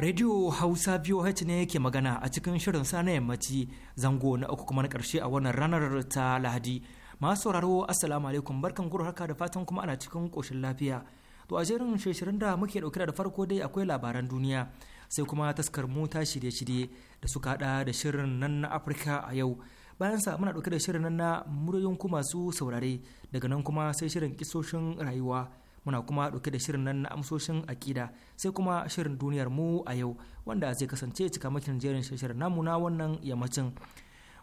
Radio Hausa VOH ne ke magana a cikin shirin sa na yammaci zango na uku kuma na karshe a wannan ranar ta Lahadi. Masu sauraro Assalamu alaikum barkan guru haka da fatan kuma ana cikin koshin lafiya. To a jerin shirin da muke ɗauke da farko dai akwai labaran duniya sai kuma taskar mota shirye-shirye da suka haɗa da shirin nan na Afirka a yau. Bayan sa muna dauke da shirin nan na muryoyin kuma masu saurare daga nan kuma sai shirin kisoshin rayuwa. muna kuma ɗauke da shirin nan na amsoshin akida sai kuma shirin duniyar mu a yau wanda zai kasance cika makin jerin shirin namu na wannan yammacin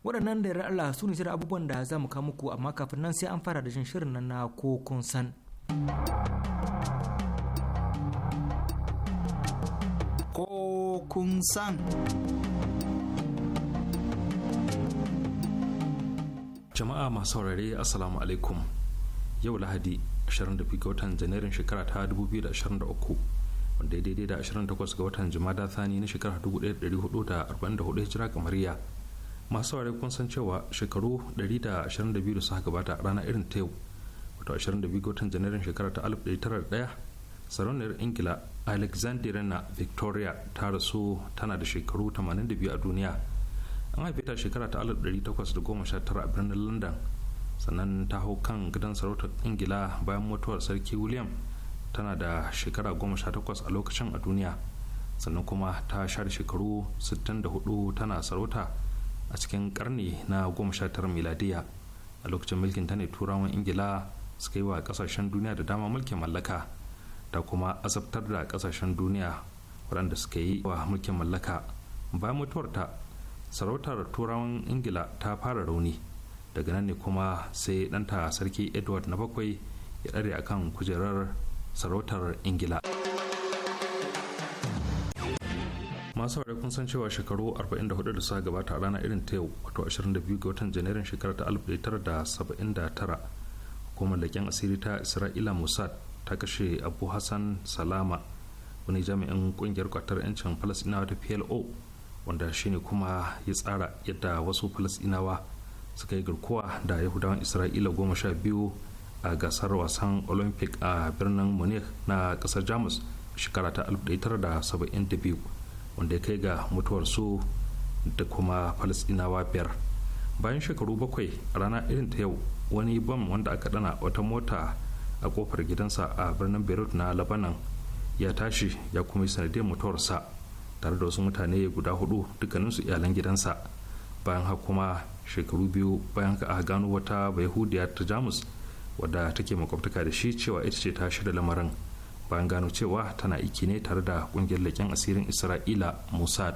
waɗannan da Allah su ne shirin abubuwan da za mu kawo muku amma kafin nan sai an fara da jin shirin nan na ko kun san. Ko kun san. Jama'a masu saurare Assalamu alaikum. Yau Lahadi 22 ga watan janairun shekara ta 2023 wanda ya daidai da 28 ga watan jumada thani na shekara 1444 hijira kamariya masu saurari kun san cewa shekaru 122 da suka gabata a ranar irin ta yau wato 22 ga watan janairun shekara ta 1901 sarauniyar ingila alexandrina victoria ta rasu tana da shekaru 82 a duniya an haife ta shekara ta 1819 a birnin london sannan ta hau kan gidan sarautar ingila bayan mutuwar sarki william tana da shekara goma sha takwas a lokacin a duniya sannan kuma ta share shekaru 64 tana sarauta a cikin karni na 19 miladiya a lokacin mulkin ta ne turawan ingila suka yi wa kasashen duniya da dama mulkin mallaka ta kuma azabtar da kasashen duniya waɗanda suka yi wa mulkin mallaka bayan mutuwarta sarautar turawan ingila ta fara rauni daga nan ne kuma sai danta sarki edward na bakwai ya ɗare akan kujerar sarautar ingila masu wari kun san cewa shekaru 44 da suka gabata a ranar irin ta yau wato 22 ga watan janairun shekarar ta 1979 hukumar leƙen asiri ta isra'ila mossad ta kashe abu hassan salama wani jami'in kungiyar kwatar 'yancin falasinawa ta plo wanda shine kuma ya tsara yadda wasu falasinawa suka yi garkuwa da yahudawan isra'ila goma sha biyu a gasar wasan olympic a birnin munich na kasar jamus shekara ta 1972 wanda ya kai ga mutuwar su da kuma falasdinawa biyar bayan shekaru bakwai a rana irin ta yau wani bam wanda aka dana wata mota a kofar gidansa a birnin beirut na labanan ya tashi ya kuma yi sanadiyar mutuwarsa tare da wasu mutane guda hudu dukkaninsu iyalan gidansa bayan kuma shekaru biyu bayan ka aka gano wata bayahudiya ta jamus wadda take makwabtaka da shi cewa ita ce ta shirya lamarin bayan gano cewa tana iki ne tare da kungiyar leƙen asirin isra'ila musad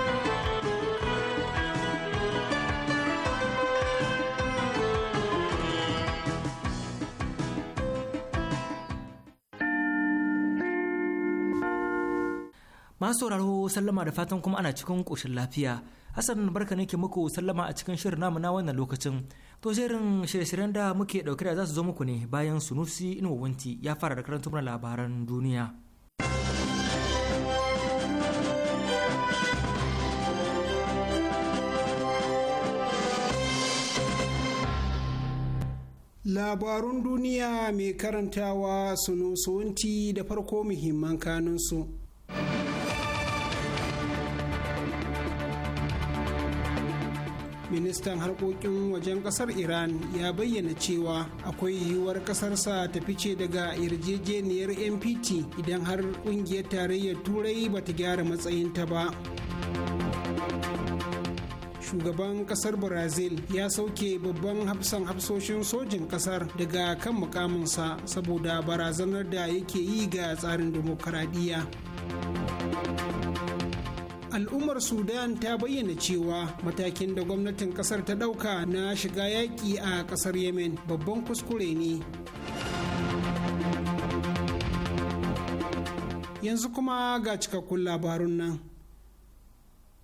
masu sauraro sallama da fatan kuma ana cikin ƙoshin lafiya hassan barka ne ke muku sallama a cikin shirin namu na wannan lokacin to jerin shirye-shiryen da muke ɗauke da za su zo muku ne bayan sunusi inuwanti ya fara da karanta labaran duniya Labarun duniya mai karantawa sunusunti da farko muhimman kanunsu. ministan harkokin wajen kasar iran ya bayyana cewa akwai yiwuwar kasarsa ta fice daga yarjejeniyar npt idan har kungiyar tarayyar turai ba ta gyara matsayinta ba shugaban kasar brazil ya sauke babban hafsan hafsoshin sojin kasar daga kan mukaminsa saboda barazanar da yake yi ga tsarin demokaradiyya al'ummar sudan ta bayyana cewa matakin da gwamnatin kasar ta ɗauka na shiga yaƙi a kasar yemen babban kuskure ne yanzu kuma ga cikakkun labarun nan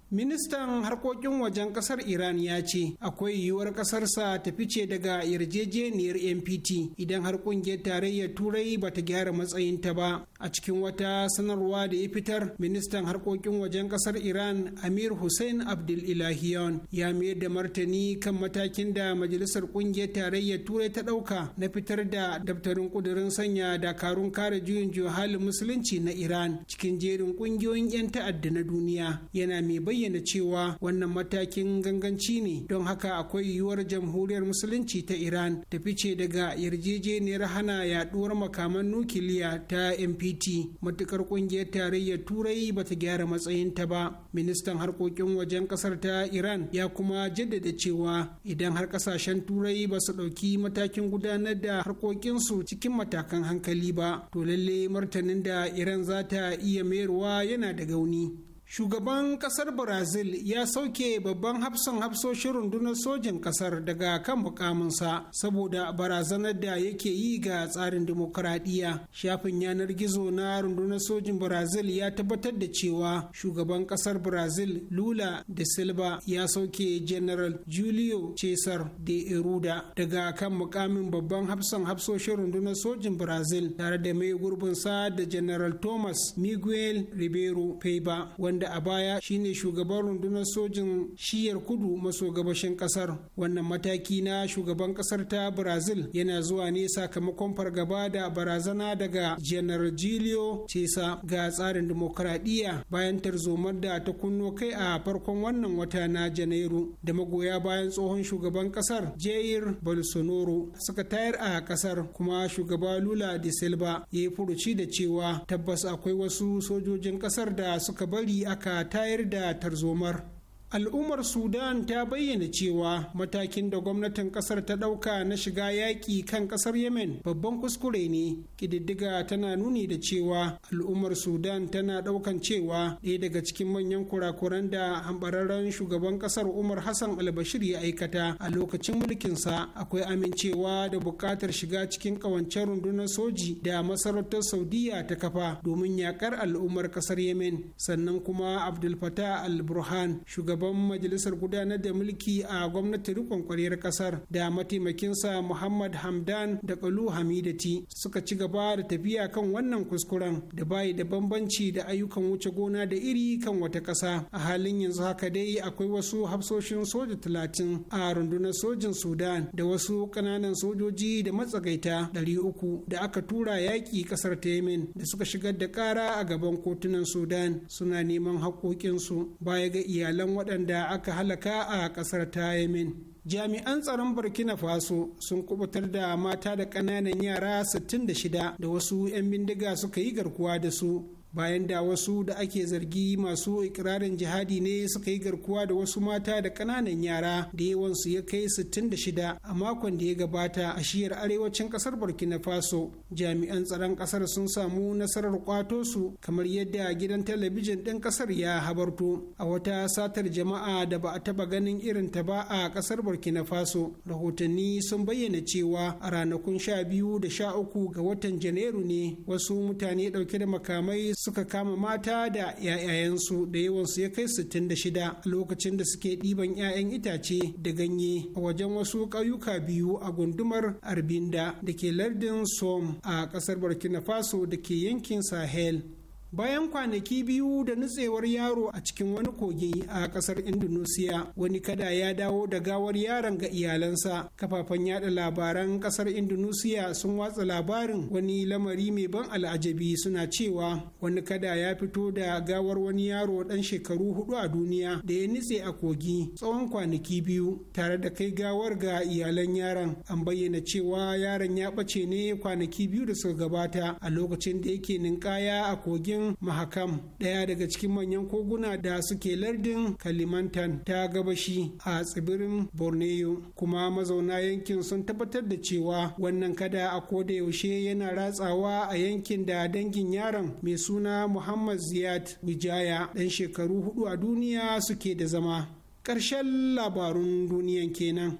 Ministan harkokin wajen kasar Iran ya ce akwai yiwuwar kasarsa ta fice daga yarjejeniyar NPT idan har kungiyar tarayyar Turai ba ta gyara matsayinta ba. A cikin wata sanarwa da ya fitar, ministan harkokin wajen kasar Iran Amir Hussein Abdul Ilahiyon ya mayar da martani kan matakin da majalisar kungiyar tarayyar Turai ta ɗauka na fitar da daftarin kudurin sanya dakarun kare juyin juhalin musulunci na Iran cikin jerin ƙungiyoyin 'yan ta'adda na duniya. Yana mai bayyana cewa wannan matakin ganganci ne don haka akwai yiwuwar jamhuriyar musulunci ta iran ta fice daga yarjejeniyar hana yaduwar makaman nukiliya ta mpt matukar kungiyar tarayyar turai ba ta gyara matsayin ta ba ministan harkokin wajen kasar ta iran ya kuma jaddada cewa idan har kasashen turai ba su ɗauki matakin gudanar da harkokinsu cikin matakan hankali ba to lalle martanin da iran za ta iya mayarwa yana da gauni shugaban kasar brazil ya sauke babban hafsan hafsoshin rundunar sojin kasar daga kan mukaminsa saboda barazanar da yake yi ga tsarin demokuraɗiyya shafin yanar gizo na rundunar sojin brazil ya tabbatar da cewa shugaban kasar brazil lula da silva ya sauke general julio cesar de eruda daga kan mukamin babban hafsan hafsoshin rundunar sojin brazil tare da mai gurbinsa da general thomas miguel ribeiro peiba wanda a baya shine shugaban rundunar sojin shiyar kudu maso gabashin kasar wannan mataki na shugaban kasar ta brazil yana zuwa ne sakamakon fargaba da barazana daga janar julio cesa ga tsarin demokradiyya bayan tarzomar da ta kunno kai a farkon wannan wata na janairu da magoya bayan tsohon shugaban kasar jair bolsonaro suka tayar a kasar kuma shugaba lula da silba ya yi furuci da cewa tabbas akwai wasu sojojin kasar da suka bari aka tayar da tarzomar al'ummar sudan ta bayyana cewa matakin da gwamnatin kasar ta ɗauka na shiga yaƙi kan kasar yemen babban kuskure ne ƙididdiga tana nuni da cewa al'ummar sudan tana ɗaukan cewa ɗaya daga cikin manyan kurakuran da ambararren shugaban ƙasar umar hassan albashir ya aikata a lokacin mulkinsa akwai amincewa da buƙatar shiga cikin ƙawancen rundunar soji da masarautar saudiya ta kafa domin yaƙar al'ummar kasar yemen sannan kuma abdul fatah al-burhan shugaban shugaban majalisar gudanar da mulki a gwamnati rikon kwaryar kasar da mataimakinsa muhammad hamdan da kalu hamidati suka ci gaba da tafiya kan wannan kuskuren da bayi da bambanci da ayyukan wuce gona da iri kan wata kasa a halin yanzu haka dai akwai wasu hafsoshin soja talatin a rundunar sojin sudan da wasu ƙananan sojoji da matsagaita ɗari uku da aka tura yaƙi ƙasar ta yemen da suka shigar da ƙara a gaban kotunan sudan suna neman haƙoƙinsu baya ga iyalan waɗanda aka halaka a ƙasar ta yemen jami'an tsaron burkina faso sun kubutar da mata da ƙananan yara 66 da wasu 'yan bindiga suka yi garkuwa da su bayan da wasu da ake zargi masu ikirarin jihadi ne suka yi garkuwa da wasu mata da ƙananan yara da yawansu ya kai 66 a makon da ya gabata a shiyar arewacin ƙasar burkina faso jami'an tsaron ƙasar sun samu nasarar kwato su kamar yadda gidan talabijin ɗin ƙasar ya habarto a wata satar jama'a da ba a taɓa ganin irin ta ba a ƙasar burkina faso rahotanni sun bayyana cewa a ranakun sha biyu da sha uku ga watan janairu ne wasu mutane ɗauke da makamai suka kama mata da 'ya'yayensu da yawansu ya kai 66 lokacin da suke ɗiban 'ya'yan itace da ganye a wajen wasu ƙauyuka biyu a gundumar arbinda da ke lardin som a ƙasar burkina faso da ke yankin sahel bayan kwanaki biyu da nutsewar yaro a cikin wani kogi a kasar indonesia wani kada ya dawo da gawar yaron ga iyalansa kafafen yada labaran kasar indonesia sun watsa labarin wani lamari mai ban al'ajabi suna cewa wani kada ya fito da gawar wani yaro dan shekaru hudu a duniya da ya nutse a kogi tsawon kwanaki biyu tare da kai gawar ga iyalan yaron an bayyana cewa yaron ya bace ne kwanaki biyu da suka gabata a lokacin da yake ninkaya a kogin lardin mahakam ɗaya daga cikin manyan koguna da suke lardin kalimantan ta gabashi a tsibirin borneo kuma mazauna yankin sun tabbatar da cewa wannan kada a koda yaushe yana ratsawa a yankin da dangin yaron mai suna muhammad ziyad wijaya dan shekaru hudu a duniya suke da zama ƙarshen labarun duniyan kenan.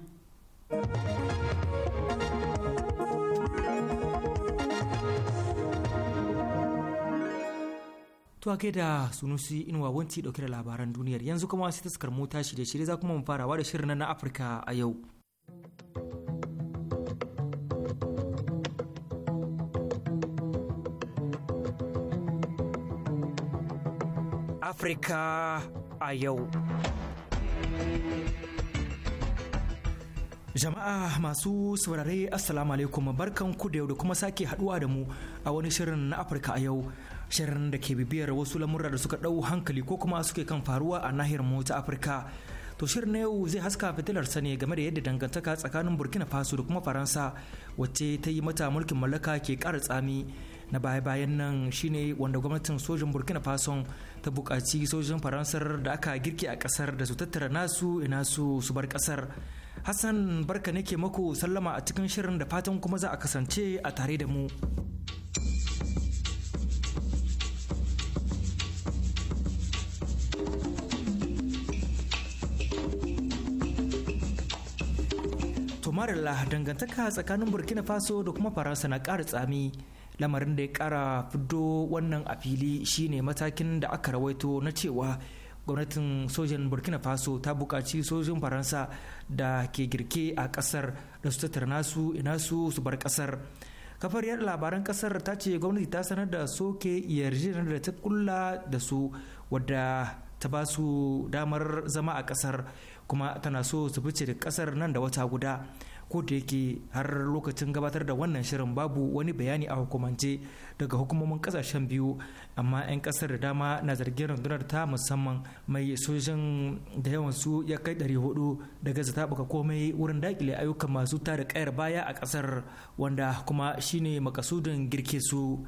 To ake da sunusi inuwa wanti dauke da labaran duniyar yanzu kuma sai taskar mota shirye shirye za kuma mu farawa da shirin na Afirka a yau. Afirka a yau. Jama'a masu saurare Assalamu alaikum barkan ku da yau da kuma sake haduwa da mu a wani shirin na Afirka a yau. shirin da ke bibiyar wasu lamurra da suka ɗau hankali ko kuma suke kan faruwa a nahiyar mu ta afirka to shirin na yau zai haska fitilar ne game da yadda dangantaka tsakanin burkina faso da kuma faransa wacce ta yi mata mulkin mallaka ke ƙara tsami na baya-bayan nan shine wanda gwamnatin sojin burkina faso ta buƙaci sojin faransar da aka girki a ƙasar da su tattara nasu ina su su bar ƙasar Hassan barka nake maku sallama a cikin shirin da fatan kuma za a kasance a tare da mu. marilla dangantaka tsakanin burkina faso da kuma faransa na ƙara tsami lamarin da ya ƙara fido wannan a fili shine matakin da aka rawaito na cewa gwamnatin sojan burkina faso ta buƙaci sojin faransa da ke girke a ƙasar da su tattara nasu ina su su bar ƙasar kafar yada labaran ƙasar ta ce gwamnati ta sanar da soke yarjejeniyar da ta kulla da su wadda ta ba su damar zama a ƙasar kuma tana so su fice da ƙasar nan da wata guda ko da yake har lokacin gabatar da wannan shirin babu wani bayani a hukumance daga hukumomin kasashen biyu amma 'yan kasar da dama na zargin rundunar ta musamman mai sojin da yawan su ya kai 400 daga zata baka komai wurin dakile ayyukan masu tada kayar baya a kasar wanda kuma shine makasudin girke su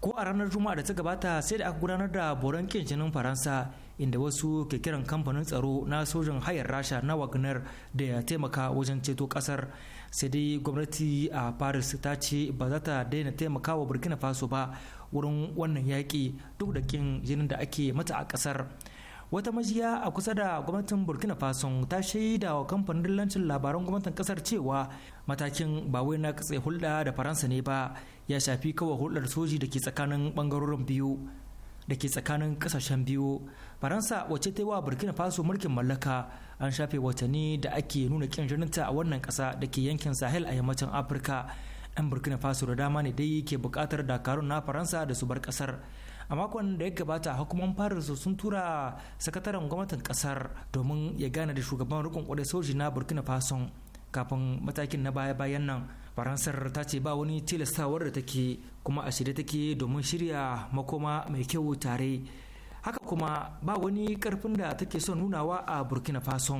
ko a ranar juma'a da ta gabata sai da aka gudanar da boron kin jinin faransa inda wasu ke kiran kamfanin tsaro na sojin hayar rasha na wagner da ya taimaka wajen ceto kasar sai dai gwamnati a paris ta ce ba za ta daina taimaka wa burkina faso ba wurin wannan yaƙi duk da kin jinin da ake mata a kasar wata majiya a kusa da gwamnatin burkina faso ta shaida wa kamfanin dillancin labaran gwamnatin kasar cewa matakin ba wai na hulɗa da faransa ne ba ya shafi kawai hulɗar soji da ke tsakanin ɓangarorin biyu da ke tsakanin kasashen biyu faransa wacce ta yi wa burkina faso mulkin mallaka an shafe watanni da ake nuna kin jininta a wannan ƙasa da ke yankin sahel a yammacin afirka yan burkina faso da dama ne dai ke bukatar dakarun na faransa da su bar ƙasar a makon da ya gabata hukuman paris sun tura sakataren gwamnatin ƙasar domin ya gane da shugaban rukun kwarai soji na burkina faso kafin matakin na baya-bayan nan faransar ta ce ba wani tilastawar da take kuma a shirye take domin shirya makoma mai kyau tare haka kuma ba wani karfin da take son nunawa a burkina faso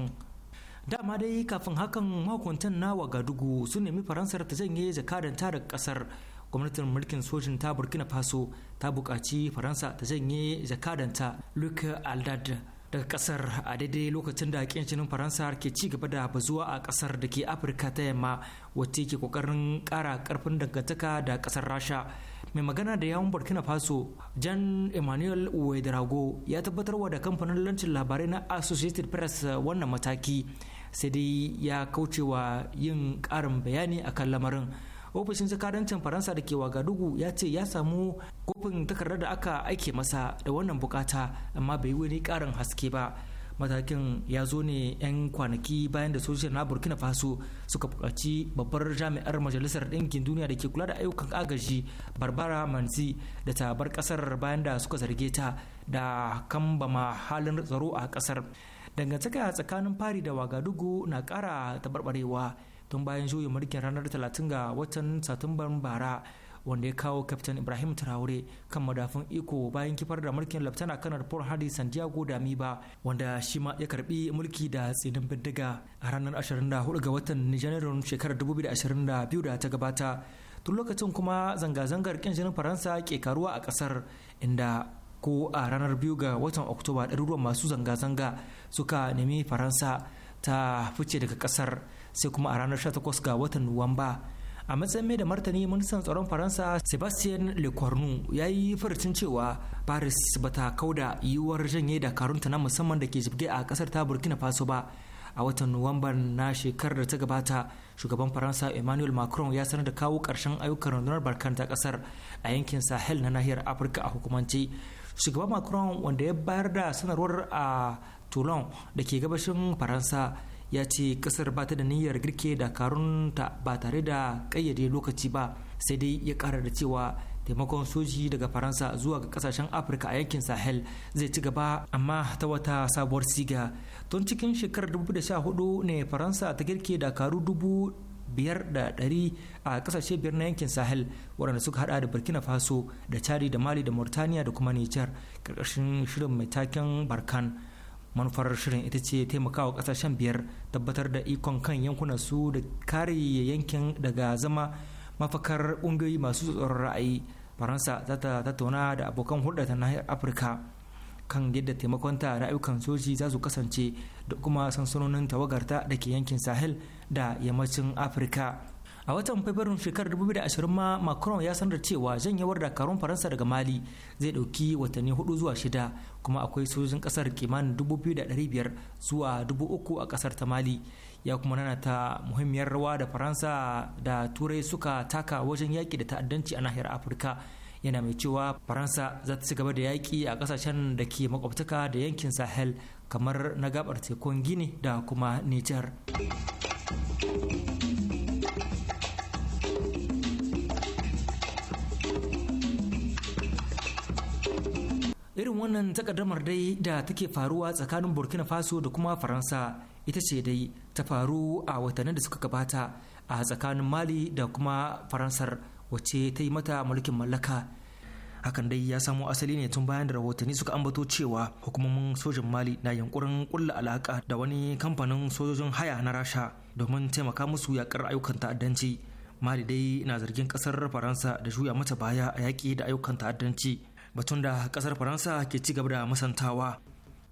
dama dai kafin hakan mahukuntan na wagadugu sun nemi faransar ta janye jakadanta daga kasar gwamnatin mulkin sojin ta burkina faso ta bukaci faransa ta janye jakadanta luke aldad daga kasar a daidai lokacin da jinin faransa ke ci gaba da bazuwa a kasar da ke afirka ta yamma wacce ke kokarin kara karfin dangantaka da kasar rasha mai magana da yawon burkina faso jan emmanuel uedrago ya tabbatar wa da kamfanin lancin labarai na associated press wannan mataki sai dai ya kaucewa yin karin bayani akan lamarin ofishin jakadancin faransa da ke wagadugu ya ce ya samu kofin takardar da aka aike masa da wannan bukata amma bai wani karin haske ba matakin ya zo ne 'yan kwanaki bayan da sojojin na burkina faso suka bukaci babbar jami'ar majalisar ɗinkin duniya da ke kula da ayyukan agaji barbara manzi da ta bar ƙasar bayan da suka zarge ta da kambama halin tsaro a ƙasar dangantaka tsakanin fari da wagadugu na kara taɓarɓarewa tun bayan juyin mulkin ranar 30 ga watan satumban bara wanda ya kawo kaftan ibrahim traore kan madafin iko bayan kifar da mulkin laftana kanar paul hadi santiago damiba wanda shi ma ya karbi mulki da tsinin bindiga a ranar 24 ga watan janairun shekarar 2022 da ta gabata tun lokacin kuma zanga-zangar kin jinin faransa ke karuwa a kasar inda ko a ranar 2 ga watan oktoba ɗaruruwan masu zanga-zanga suka nemi faransa ta fice daga kasar sai kuma a ranar 18 ga watan nuwamba a matsayin mai da martani ministan tsaron faransa sebastien lecornu ya yi farcin cewa paris ba ta kauda yiwuwar janye dakarunta na musamman da ke jibge a kasar ta burkina faso ba a watan nuwamba na shekarar da ta gabata shugaban faransa emmanuel macron ya sanar da kawo karshen ayyukan rundunar barkan ta kasar a yankin sahel na nahiyar afirka a hukumance shugaban macron wanda ya bayar da sanarwar a toulon da ke gabashin faransa ya ce kasar ba ta da niyyar girke dakarunta ba tare da kayyade lokaci ba sai dai ya kara da cewa taimakon soji daga faransa zuwa ga kasashen afirka a yankin sahel zai ci gaba amma ta wata sabuwar siga tun cikin shekarar 2014 ne faransa ta girke dakaru dubu biyar da ɗari a ƙasashe biyar na yankin sahel waɗanda suka hada da burkina faso da chari da mali da mauritania da kuma nijar ƙarƙashin shirin mai taken barkan manufar shirin ita ce taimakawa kasashen biyar tabbatar da ikon kan yankunan su da kare yankin daga zama mafakar ƙungiyoyi masu tsoron ra'ayi faransa za ta tattauna da abokan hulɗa ta nahiyar afirka kan yadda taimakon na ayyukan soji za su kasance da kuma sansanonin tawagarta da ke yankin sahel da yammacin afirka a watan fabrairun shekarar 2020 ma macron ya sanar cewa janyewar dakarun faransa daga mali zai dauki watanni hudu zuwa shida kuma akwai sojojin kasar kimanin 2,500 zuwa 3,000 a kasar ta mali ya kuma nana ta muhimmiyar rawa da faransa da turai suka taka wajen yaƙi da ta'addanci a nahiyar afirka yana mai cewa faransa za ta ci gaba da yaƙi a ƙasashen da ke makwabtaka da yankin sahel kamar na gabar tekun gini da kuma niger irin wannan takaddamar dai da take faruwa tsakanin burkina faso da kuma faransa ita ce dai ta faru a watannin da suka gabata a tsakanin mali da kuma faransar wacce ta yi mata mulkin mallaka hakan dai ya samo asali ne tun bayan da rahotanni suka ambato cewa hukumomin sojin mali na yankurin kulla alaka da wani kamfanin sojojin haya na rasha domin taimaka musu yakar ayyukan ta'addanci mali dai na zargin kasar faransa da juya mata baya a yaƙi da ayyukan ta'addanci batun da kasar faransa ke ci gaba da masantawa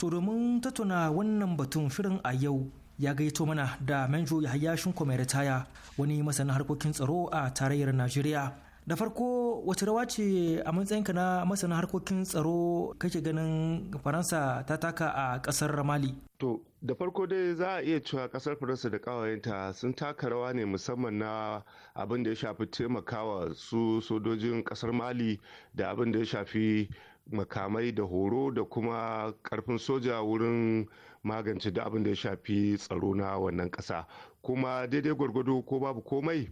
to domin tattauna wannan batun shirin a yau ya gaito mana da menjo ya hayashin mai ritaya wani masanin harkokin tsaro a tarayyar najeriya da farko wace rawa ce a matsayinka na masana harkokin tsaro kake ganin faransa ta taka a kasar mali to da farko dai za a iya cewa kasar faransa da kawayenta sun taka rawa ne musamman na abin da ya shafi taimakawa su sojojin kasar mali da abin da ya shafi makamai da horo da kuma karfin soja wurin magance da abin da ya shafi tsaro na wannan kasa kuma daidai gwargwado ko babu komai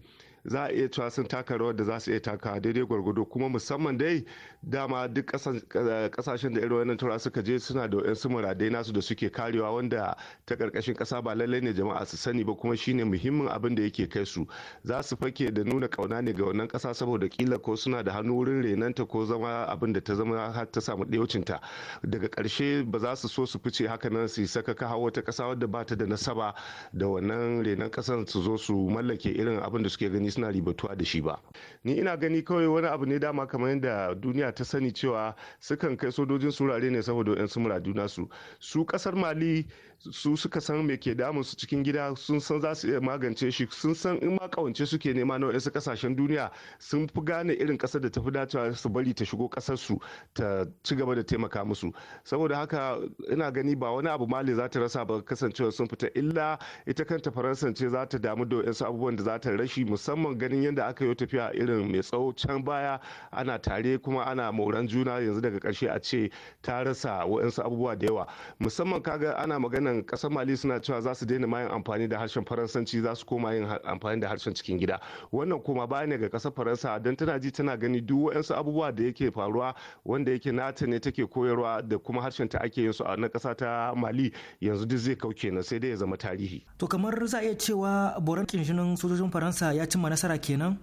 za a iya cewa sun taka rawar da za su iya taka daidai gwargwado kuma musamman dai dama duk kasashen eh, da irin wannan tura suka je suna da su muradai nasu da suke karewa wanda ta karkashin kasa ba lallai ne jama'a su sani ba kuma shine muhimmin abin da yake kai su za su fake da nuna kauna ne ga wannan kasa saboda kila ko suna da hannu wurin renanta ko zama abin da ta zama har ta samu ɗaucinta daga ƙarshe ba za su so su fice haka nan su saka kawo wata ƙasa wadda ba ta da nasaba da wannan renan ƙasar su zo su mallake irin abin da suke gani suna ribatuwa da shi ba ni ina gani kawai wani abu ne dama kamar yadda duniya ta sani cewa sukan kai sojojin surare ne saboda yan su nasu su su kasar mali su suka san me ke damun su cikin gida sun san za su iya magance shi sun san in ma kawance suke nema na wasu kasashen duniya sun fi gane irin kasar da ta fi dacewa su bari ta shigo kasar su ta ci gaba da taimaka musu saboda haka ina gani ba wani abu mali za ta rasa ba kasancewa sun fita illa ita kanta faransa ce za ta damu da wasu abubuwan da za ta rashi musamman ganin yadda aka yi tafiya irin mai tsawo can baya ana tare kuma ana moran juna yanzu daga karshe a ce ta rasa waɗansu abubuwa da yawa musamman kaga ana magana nan kasar mali suna cewa za su daina mayin amfani da harshen faransanci za su koma yin amfani da harshen cikin gida wannan kuma ba ne ga kasar faransa don tana ji tana gani duk wayansu abubuwa da yake faruwa wanda yake nata ne take koyarwa da kuma harshen ta ake yin su a na kasa ta mali yanzu duk zai kauke na sai dai ya zama tarihi to kamar za iya cewa boran kinshinin sojojin faransa ya cimma nasara kenan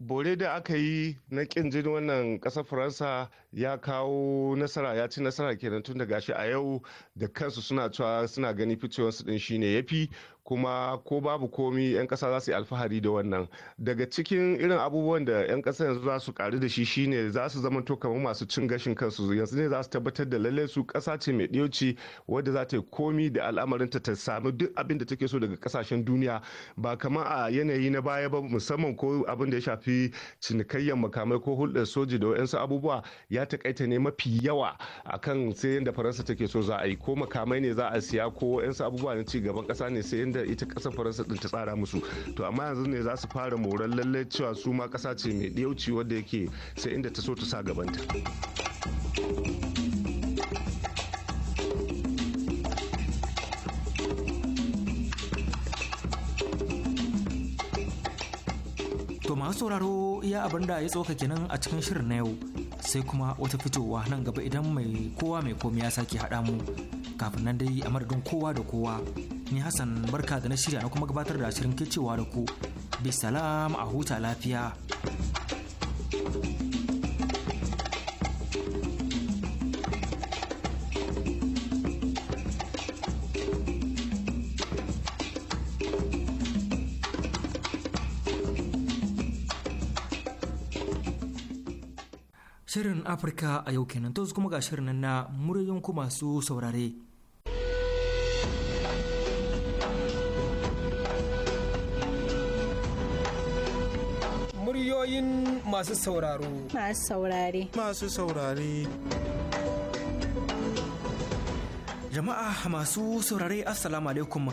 bore da aka yi na kin jini wannan kasar faransa ya kawo nasara ya ci nasara kenan tun da gashi a yau da kansu suna cewa suna gani ficewarsu din shine yafi kuma ko babu komi 'yan kasa za su yi alfahari da wannan daga cikin irin abubuwan da 'yan kasa yanzu za su karu da shi shine za su zama to kamar masu cin gashin kansu yanzu ne za su tabbatar da lalle su kasa ce mai ɗiyoci wadda za ta yi komi da al'amarinta ta samu duk abin da take so daga kasashen duniya ba kamar a yanayi na baya ba musamman ko abin da ya shafi cinikayyar makamai ko hulɗar soji da wa'yansu abubuwa ya takaita ne mafi yawa akan sai yadda faransa take so za a yi ko makamai ne za a siya ko yansu abubuwa na ci gaban kasa ne sai yadda ita kasar faransa din ta tsara musu to amma yanzu ne za su fara moran lalle cewa su ma kasa ce mai ɗiyauci wadda yake sai inda ta so ta sa gabanta. To masu sauraro ya abin da ya tsoka kenan a cikin shirin na yau sai kuma wata fitowa nan gaba idan mai kowa mai komi ya sake haɗa mu kafin nan dai a madadin kowa da kowa ni hassan barka da na shirya na kuma gabatar da shirin kicewa da ku bisalam a huta lafiya. thank you Shirin Afirka a yau kenan to kuma ga shirin na muryoyin ku masu saurare. Muryoyin masu sauraro. Masu saurare. Masu saurare. Jama'a masu saurare Assalamu alaikum.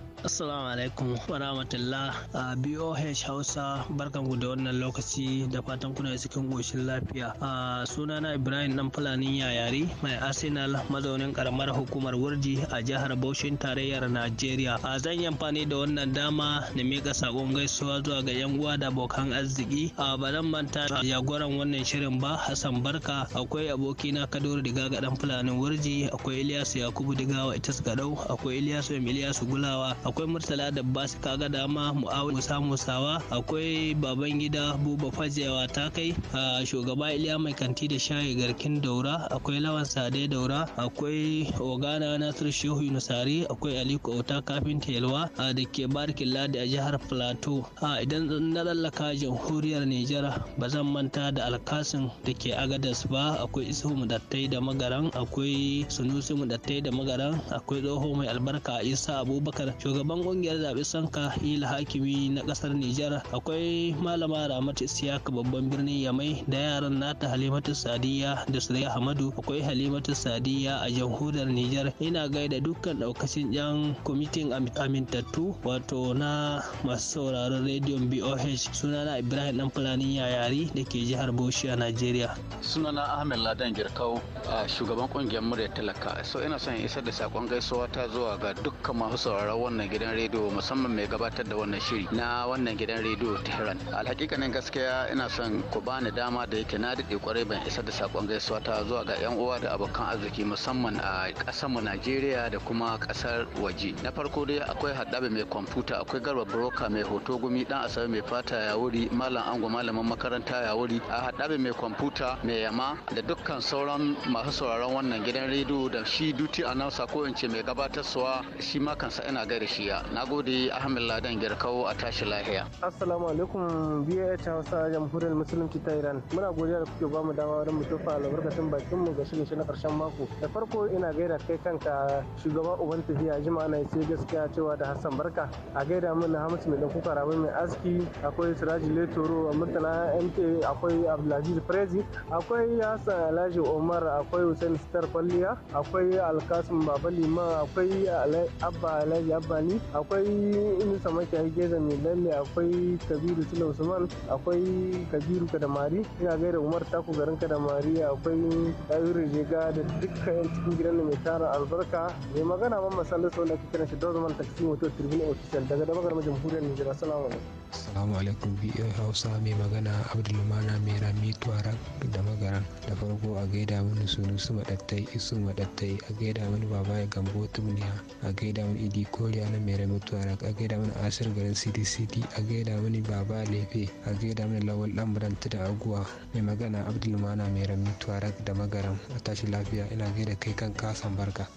Assalamu alaikum wa rahmatullah a BOH Hausa barkan ku da wannan lokaci da fatan kuna cikin goshin lafiya. A sunana Ibrahim dan Fulani Yayari mai Arsenal mazaunin karamar hukumar Wurji a jihar Bauchin tarayyar Najeriya. A zan yi amfani da wannan dama na miƙa sakon gaisuwa zuwa ga yan uwa da abokan arziki. A bazan manta manta jagoran wannan shirin ba Hassan Barka akwai aboki na Kadura Diga ga dan Fulani Wurji akwai Ilyasu Yakubu Digawa Itas Gadau akwai ilyas Ilyasu Gulawa akwai murtala da su kaga dama mu'awul musa musawa akwai baban gida buba fajewa ta kai a shugaba iliya mai kanti da shayi garkin daura akwai lawan sade daura akwai ogana nasir shehu nusari akwai aliko auta kafin telwa da ke barkin ladi a jihar plateau idan na tsallaka jamhuriyar nijar ba zan manta da alkasin da ke agadas ba akwai isu mudattai da magaran akwai sunusi mudattai da magaran akwai tsoho mai albarka isa abubakar shugaba shugaban kungiyar zaɓe sanka ila hakimi na ƙasar Nijar akwai malama Ramatu Isiyaka babban birnin Yamai da yaran nata Halimatu Sadiya da Suraya Hamadu akwai Halimatu Sadiya a jamhuriyar Nijar ina gaida dukkan daukacin yan kwamitin amintattu wato na masu sauraron rediyon BOH sunana Ibrahim Dan Fulani Yayari da ke jihar Bauchi a Najeriya. Sunana Ahmed Ladan Girkau a shugaban kungiyar murya talaka so ina son isar da sakon gaisuwa ta zuwa ga dukkan masu sauraron wannan gidan rediyo musamman mai gabatar da wannan shiri na wannan gidan rediyo Tehran. Alhakikanin gaskiya ina son ku bani dama da yake na daɗe kwarai ban isa da sakon gaisuwa ta zuwa ga 'yan uwa da abokan arziki musamman a ƙasarmu Najeriya da kuma kasar waje. Na farko dai akwai haɗabe mai kwamfuta akwai garba buroka mai hoto gumi dan asabe mai fata ya wuri malam ango malaman makaranta ya wuri a haɗabe mai kwamfuta mai yama da dukkan sauran masu sauraron wannan gidan rediyo da shi duti announcer ko in ce mai gabatarwa shi ma kansa ina gaida shi shiya na gode ahmed ladan girkau a tashi lahiya assalamu alaikum biya hausa jamhuriyar musulunci ta iran muna godiya da kuke bamu dama wurin mu tofa albarkacin bakin mu ga shirye na karshen mako da farko ina gaida kai kanka shugaba uban tafiya jima na sai gaskiya cewa da hassan barka a gaida mun na hamisu mai dan kuka rabu mai aski akwai siraji letoro murtala mt akwai abdulaziz prezi akwai hassan alhaji Umar. akwai hussein star kwalliya akwai alkasim baba akwai abba alhaji abba Makiyayi, akwai Inusa Makiyayi Geza Mai Lalle, akwai Kabiru Sula Usman, akwai Kabiru Kadamari, ina gaida Umar Taku garin Kadamari, akwai Ɗahiru Jega da dukkan 'yan cikin gidan mai tara albarka. Mai magana mamman Salisu sau ake kiran shi man Taxi Motor Tribune Official daga dabagar jamhuriyar Nijar. Assalamu alaikum. Assalamu alaikum biyu Hausa mai magana Abdulmana mai rami Tuareg da magana da farko a gaida mini sunu su madattai isu madattai a gaida mini baba ya gambo tumniya a gaida mini idi koriya mana mai rami tuwarak a gaida mana asir garin cdcd a gaida mani baba lefe a gaida mana lawal dan da aguwa mai magana abdulmana mai rami tuwarak da magaram a tashi lafiya ina gaida kai kan kasan barka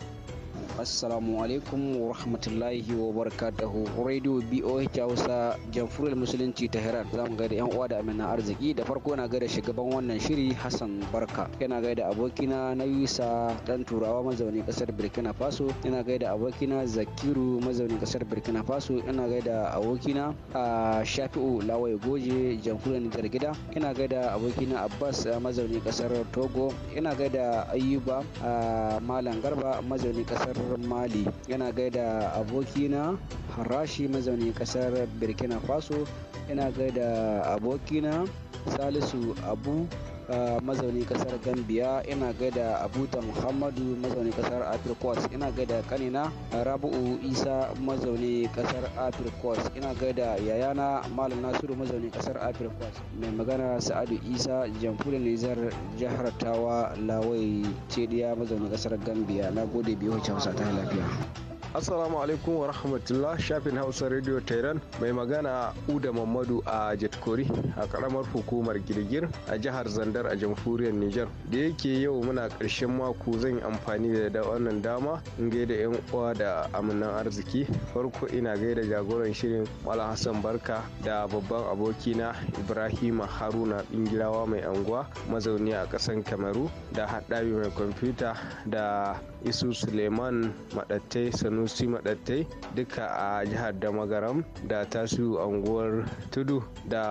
assalamu alaikum wa rahmatullahi wa barakatuhu radio boh hausa jamhuriyar musulunci tehran za mu gaida yan uwa da amina arziki da farko na gaida shugaban wannan shiri hassan barka yana gaida abokina na yusa dan turawa mazaunin kasar burkina faso yana gaida abokina zakiru mazaunin kasar burkina faso yana gaida abokina a shafi'u lawai goje jamhuriyar nijar gida yana gaida abokina abbas mazaunin kasar togo yana gaida ayuba malam garba mazaunin kasar kasar mali yana gaida abokina harashi mazaunin kasar burkina faso yana gaida abokina salisu abu mazaunin kasar gambia ina gaida abuta muhammadu mazaunin kasar afirkos ina gaida kanina rabu'u isa mazaunin kasar afirkos ina gaida yayana malam nasiru mazauni kasar afirkos mai magana sa'adu isa jamhuriyar nizar jihar tawa lawai cediya mazaunin kasar gambia na gode biyu hausa ta lafiya Assalamu alaikum wa rahmatullah shafin Hausa Radio tairan mai magana Uda Mamadu a Jetkori a karamar hukumar Girgir a jihar Zandar a jamhuriyar niger Da yake yau muna karshen mako zan yi amfani da wannan dama in gaida yan uwa da aminan arziki. Farko ina gaida jagoran shirin Malam Hassan Barka da babban abokina Ibrahima Haruna ingilawa mai anguwa mazauni a ƙasar Kamaru da haɗabi mai kwamfuta da isu suleiman madattai sanusi madattai duka a jihar damagaram da tasu anguwar tudu da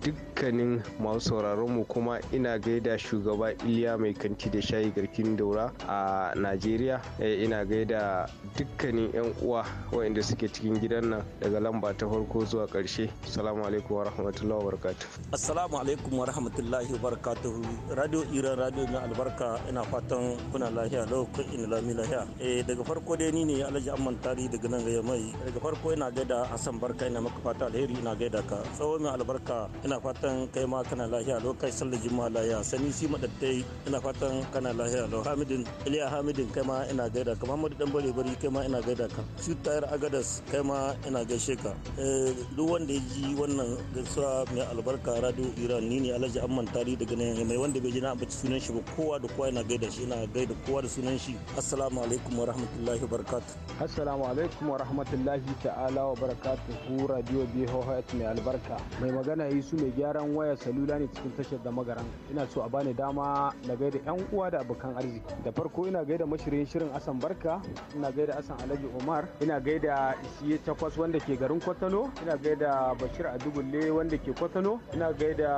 dukkanin masu sauraron mu kuma ina gaida shugaba iliya mai kanti da shayi garkin daura a najeriya eh, ina gaida dukkanin yan uwa waɗanda suke cikin gidan nan daga lamba ta farko zuwa ƙarshe salamu alaikum wa rahmatullahi wa barakatuhu. assalamu alaikum wa rahmatullahi wa barakatuhu. radio iran radio na albarka ina fatan kuna lafiya lau ina lami lahiya eh daga farko dai ni ne Alhaji Amman Tari daga nan ga mai daga farko ina gaida Hassan Barka ina maka fata alheri ina gaida ka tsawo mai albarka ina fatan kai ma kana lahiya lokacin sallar juma'a lahiya sani si madattai ina fatan kana lahiya lo Hamidin Iliya Hamidin kai ma ina gaida ka Muhammadu Dan Bare Bari kai ma ina gaida ka Shi Tayar Agadas kai ma ina gaishe ka eh, duk wanda ya ji wannan gaisuwa mai albarka Radio Iran ni ne Alhaji Amman Tari daga nan mai wanda bai ji na ambaci sunan shi ba kowa da kowa ina gaida shi ina gaida kowa da sunan shi assalamu alaikum wa rahmatullahi wa barakatu assalamu alaikum wa rahmatullahi ta'ala wa barakatu ku radio biho mai albarka mai magana yi su mai gyaran waya salula ne cikin tashar da magaran ina so a bani dama na gaida yan uwa da abokan arziki da farko ina gaida mashirin shirin asan barka ina gaida asan alhaji umar ina gaida isiye takwas wanda ke garin kwatano ina gaida bashir adugulle wanda ke kwatano ina gaida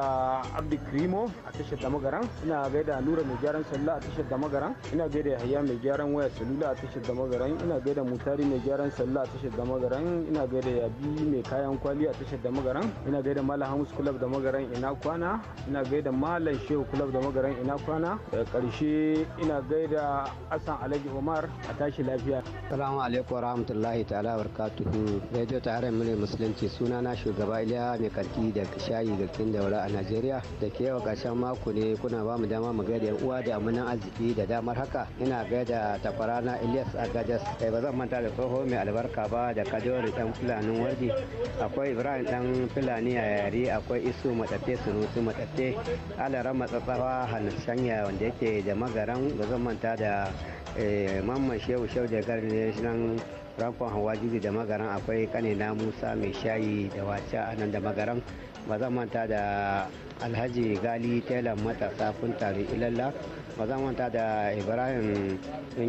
abdi krimo a tashar da magaran ina gaida nura mai gyaran salula a tashar da magaran ina gaida yahaya mai gyaran waya salula a tashar da magaran ina gaida mutari mai gyaran salula a tashar da magaran ina gaida yabi mai kayan kwali a tashar da magaran ina gaida malam hamus club da magaran ina kwana ina gaida malam shehu club da magaran ina kwana daga karshe ina gaida asan alhaji umar a tashi lafiya salamu alaikum rahmatullahi ta'ala barkatuhu radio taron mulai musulunci suna na shugaba iliya mai karki da shayi kin daura a najeriya da ke yawa karshen mako ne kuna ba mu dama mu gaida uwa da amunan arziki da damar haka ina da takwara na Agajas kai eh, ba zan manta da tsoho mai albarka ba da Kajori dan Fulanin Wardi akwai Ibrahim ɗan Fulani a yari akwai Isu Matatte Sunusu Matatte Alara Matsatsawa Shanya wanda yake da magaran ba zan manta da eh, Mamman Shehu Shehu da Garni nan rankon hawa juji da magaran akwai kanina Musa mai shayi da wace a da magaran ba zan manta da alhaji gali taylor matasa kun tare ilalla ba zan manta da ibrahim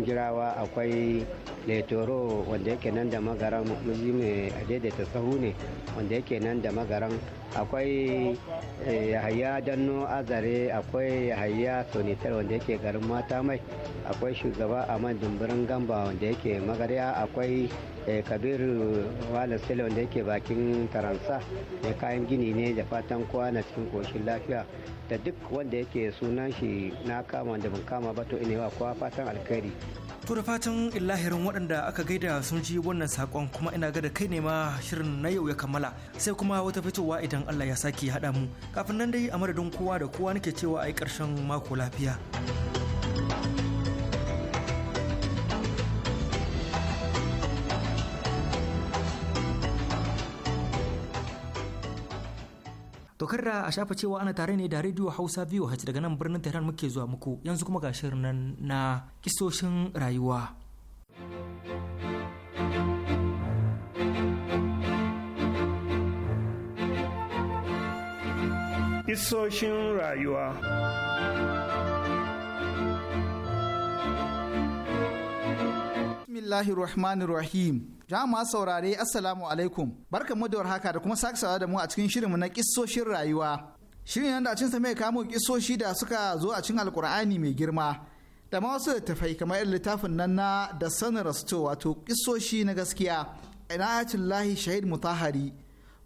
jirawa akwai letoro wanda yake nan da magaran muzi mai adaidaita sahu ne wanda yake nan da magaran akwai eh, yahaya danno azare akwai yahaya sonitar wanda yake garin mata mai akwai shugaba aman dumburin gamba wanda yake magarya akwai eh, kabiru wala sile wanda yake bakin taransa ya eh, kayan gini ne da fatan kowa na cikin koshin lafiya da duk wanda yake sunan shi na kama da ban kama ba to ina kowa fatan alkhairi to da fatan illahirin waɗanda aka gaida sun ji wannan sakon kuma ina ga da kai ne ma shirin na yau ya kammala sai kuma wata fitowa idan Allah ya sake haɗa mu kafin nan dai a madadin kowa da kowa nake cewa ai ƙarshen mako lafiya. To karra a shafa cewa ana tare ne da Radio Hausa VOH daga nan birnin Tehran muke zuwa muku yanzu kuma ga shirin nan na kisoshin rayuwa. Kisoshin rayuwa Bismillahir Rahmanir Rahim. Jama'a saurare Assalamu alaikum. Barka mu da warhaka da kuma sake da mu a cikin shirinmu na kissoshin rayuwa. Shirin nan da cin sa mai kamo kissoshi da suka zo a cikin Alkur'ani mai girma. Da ma wasu tafai kamar irin littafin nan na da sanin rasto wato kissoshi na gaskiya. Inayatullahi Shahid Mutahari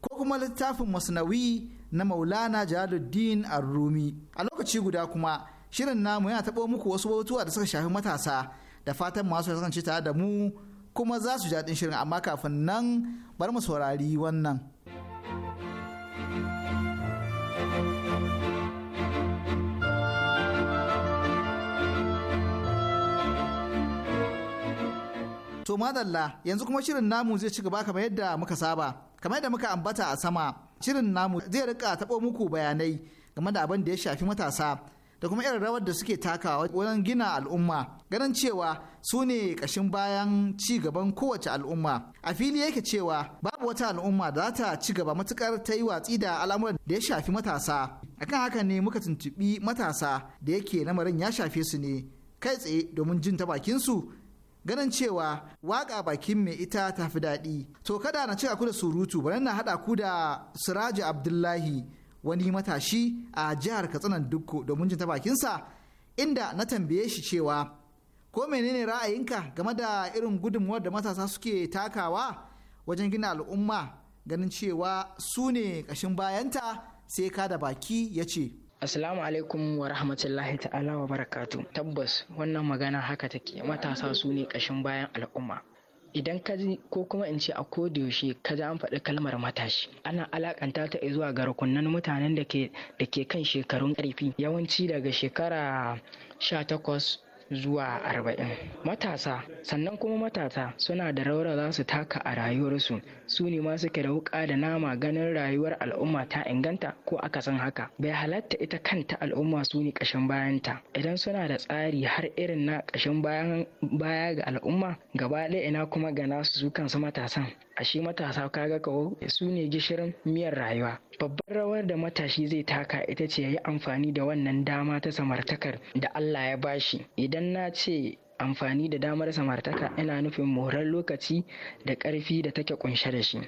ko kuma littafin Masnawi na Maulana Jaluddin Ar-Rumi. A lokaci guda kuma shirin namu yana taɓo muku wasu bautuwa da suka shafi matasa da fatan masu kasance tare da mu kuma za su jaɗin shirin amma kafin nan bar mu saurari wannan. To madalla yanzu kuma shirin namu zai ci gaba kamar yadda muka saba. Kamar yadda muka ambata a sama, shirin namu zai rika taɓo muku bayanai game da abin da ya shafi matasa da kuma irin rawar da suke takawa wajen gina al'umma. ganin cewa su ne ƙashin bayan ci gaban kowace al'umma a fili yake cewa babu wata al'umma da za ta ci gaba matukar ta yi watsi da al'amuran da ya shafi matasa akan haka ne muka tuntubi matasa da yake lamarin ya shafe su ne kai tsaye domin jin ta bakinsu ganin cewa waka bakin mai ita ta fi daɗi to kada na cika ku da surutu bari na haɗa ku da siraji abdullahi wani matashi a jihar katsinan dukko domin jin ta bakinsa inda na tambaye shi cewa ko menene ra'ayinka game da irin gudunmuwar da matasa suke takawa wajen gina al'umma ganin cewa su ne ƙashin bayanta sai ka da baki ya ce Assalamu alaikum wa rahmatullahi ta'ala wa barakatu. Tabbas wannan magana haka take matasa su ne ƙashin bayan al'umma. Idan ka ji ko kuma in ce a yaushe ka ji an faɗi kalmar matashi ana alakanta ta zuwa ga rukunan mutanen da ke kan shekarun ƙarfi yawanci daga shekara sha takwas zuwa arba'in matasa sannan kuma matasa suna da rawar za su taka a rayuwarsu su ne ma suke da wuƙa da nama ganin rayuwar al'umma ta inganta ko akasin haka bai halatta ita kanta al'umma su ne ƙashin bayanta idan suna da tsari har irin na ƙashin baya ga al'umma gaba ɗaya ina kuma ga nasu su kansu matasan A shi matasa kaga kawo su ne gishirin miyar rayuwa babbar rawar da matashi zai taka ita ce ya yi amfani da wannan dama ta samartakar da allah ya bashi idan na ce amfani da damar samartaka ina nufin morar lokaci da ƙarfi da take kunshe da shi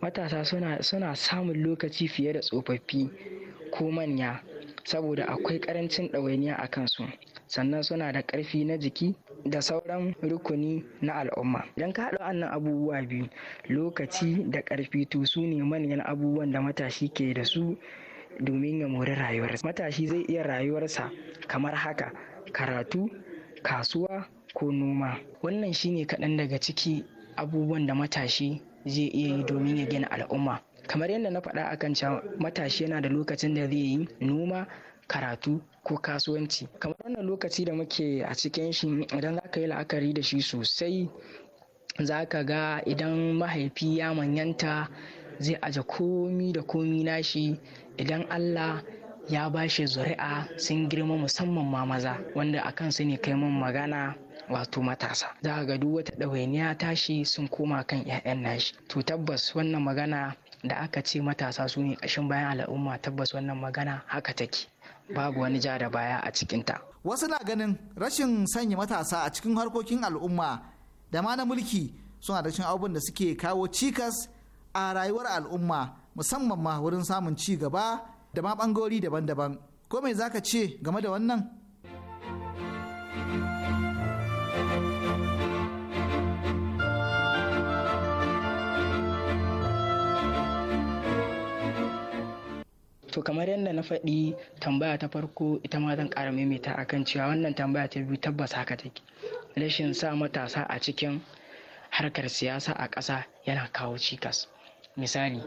matasa suna, suna samun lokaci fiye da tsofaffi ko manya saboda akwai ƙarancin ɗawainiya a kansu sannan suna da ƙarfi na jiki da sauran rukuni na al'umma idan ka haɗa wannan abubuwa biyu lokaci da ƙarfi to su ne manyan abubuwan da matashi ke da su domin ya mori rayuwarsa matashi zai iya rayuwarsa kamar haka karatu kasuwa ko noma wannan shi ne kaɗan daga ciki abubuwan da matashi zai iya yi domin ya gina al'umma kamar yadda na faɗa akan cewa matashi yana da lokacin da zai yi noma karatu ko kasuwanci kamar wannan lokaci da muke a cikin shi idan za ka yi la'akari da shi sosai za ka ga idan mahaifi ya manyanta zai aje komi da komi nashi idan allah ya ba shi zuri'a sun girma musamman ma maza wanda a kansu ne kai mun magana wato matasa za ga duk wata ɗawainiya tashi sun koma kan 'ya'yan nashi to tabbas wannan magana da aka ce matasa su ne ƙashin bayan al'umma tabbas wannan magana haka take babu wani ja da baya a cikinta. Wasu na ganin rashin sanya matasa a cikin harkokin al'umma da ma na mulki suna da cin abubuwan da suke kawo cikas a rayuwar al'umma musamman ma wurin samun ci gaba da ma ɓangarori daban-daban. Ko me zaka ce game da wannan? to kamar yadda na faɗi tambaya ta farko ita ma zan ƙara maimaita a kan cewa wannan tambaya ta biyu tabbas haka take rashin sa matasa a cikin harkar siyasa a ƙasa yana kawo cikas misali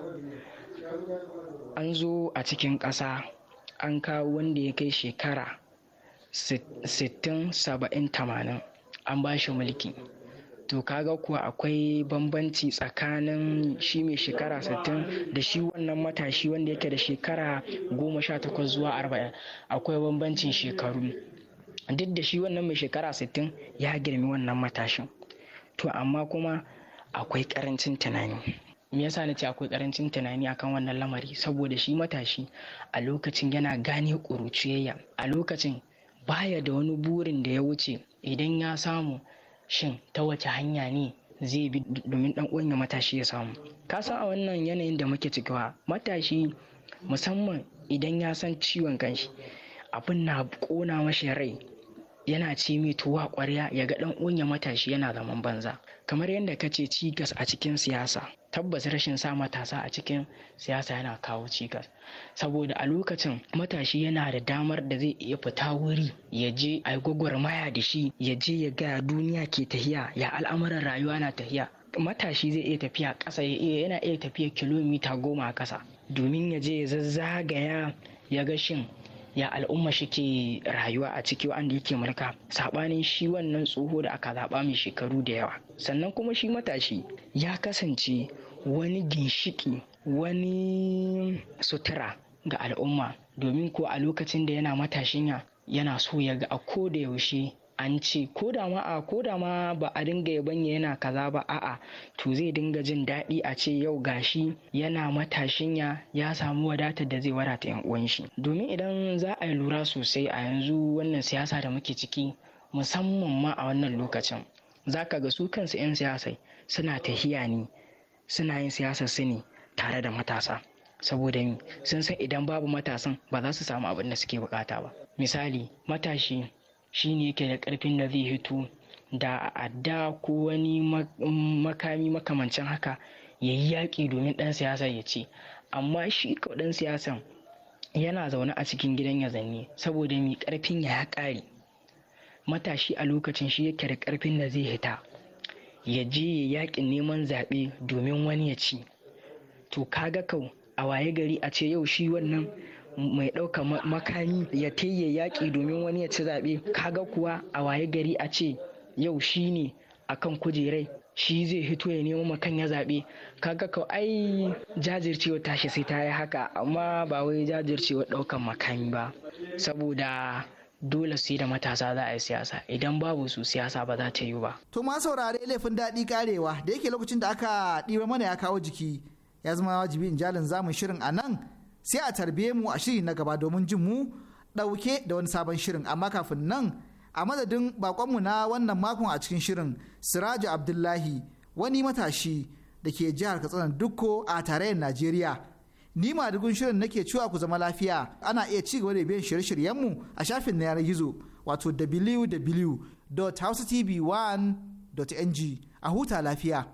an zo a cikin ƙasa an kawo wanda ya kai shekara 60 70 an ba shi mulki to kaga kuwa akwai bambanci tsakanin shi mai shekara 60 da shi wannan matashi wanda yake da shekara 18 zuwa 40 akwai bambancin shekaru duk da shi wannan mai shekara 60 ya girmi wannan matashin to amma kuma akwai karancin tunani me yasa na ce akwai karancin tunani akan wannan lamari saboda shi matashi a lokacin yana gane ƙuruciyayya a lokacin baya da wani burin da ya wuce idan ya samu shin ta wace hanya ne zai bi domin dan uwan ya matashi ya samu ka san a wannan yanayin da muke cikiwa matashi musamman idan ya san ciwon kanshi abin na kona mashi rai yana ci mai tuwa kwarya ya ga dan uwan ya matashi yana zaman banza kamar yadda ka ce cigas a cikin siyasa tabbas rashin sa matasa a cikin siyasa yana kawo cikas saboda a lokacin matashi yana da damar da zai iya fita wuri ya je a gwagwarmaya da shi ya je ya gaya duniya ke tahiya ya al'amuran rayuwa na tahiya matashi zai iya tafiya ƙasa yana iya tafiya kilomita goma a ƙasa domin ya je ya zazzagaya ya ga shin ya al'umma shi ke rayuwa a ciki wanda yake mulka saɓanin shi wannan tsoho da aka zaɓa mai shekaru da yawa sannan kuma shi matashi ya kasance wani ginshiki wani sutura ga al'umma domin ko a lokacin da yana matashin ya yana so ya ga a koda yaushe an ce ko da ma a ko da ma ba a dinga ya yana kaza ba a'a to zai dinga jin daɗi a ce yau gashi yana matashin ya samu wadatar da zai wadata yan uwan shi domin idan za a yi lura sosai a yanzu wannan siyasa da muke ciki musamman ma a wannan lokacin zaka ga su kansu 'yan siyasai suna tahiya ne suna yin siyasar su ne tare da matasa saboda sun san idan babu matasan ba za su samu abin da suke bukata ba misali matashi shi ne yake da karfin da zai hito da adda ko wani makami makamancin haka ya yi yaƙi domin ɗan siyasa ya ce amma shi ɗan siyasan yana zaune a cikin gidan ya zanne saboda mai karfin ya ƙare matashi a lokacin shi yake da karfin da zai hita ya je ya yaƙin neman zaɓe domin wani ya ci to kaga kau a waye gari a ce yau shi wannan mai ɗauka makami ya ya yaƙi domin wani ya ci zaɓe kaga kuwa a waye gari a ce yau shi ne akan kujerai shi zai hito ya nemo makan ya zaɓe kaga kau ai jajircewa tashi sai ta yi haka amma ba wai jajircewa ɗaukan makami ba saboda dole sai da matasa za a yi siyasa idan babu su siyasa ba za ta yi ba. To ma saurare laifin daɗi karewa da yake lokacin da aka ɗiba mana ya kawo jiki ya zama wajibi in jalin zamun shirin a nan sai a tarbiye mu a shiri na gaba domin jin mu ɗauke da wani sabon shirin amma kafin nan a madadin bakonmu na wannan makon a cikin shirin Siraju Abdullahi wani matashi da ke jihar Katsina Dukko a tarayyar Najeriya. ni ma dugun shirin nake cewa ku zama lafiya ana iya ci gaba da biyan shirye-shiryenmu a shafin na yanar gizo wato www.hausatv1.ng a huta lafiya.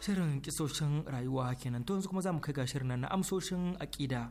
Shirin kisoshin rayuwa kenan to yanzu kuma za mu kai ga shirin na amsoshin aƙida.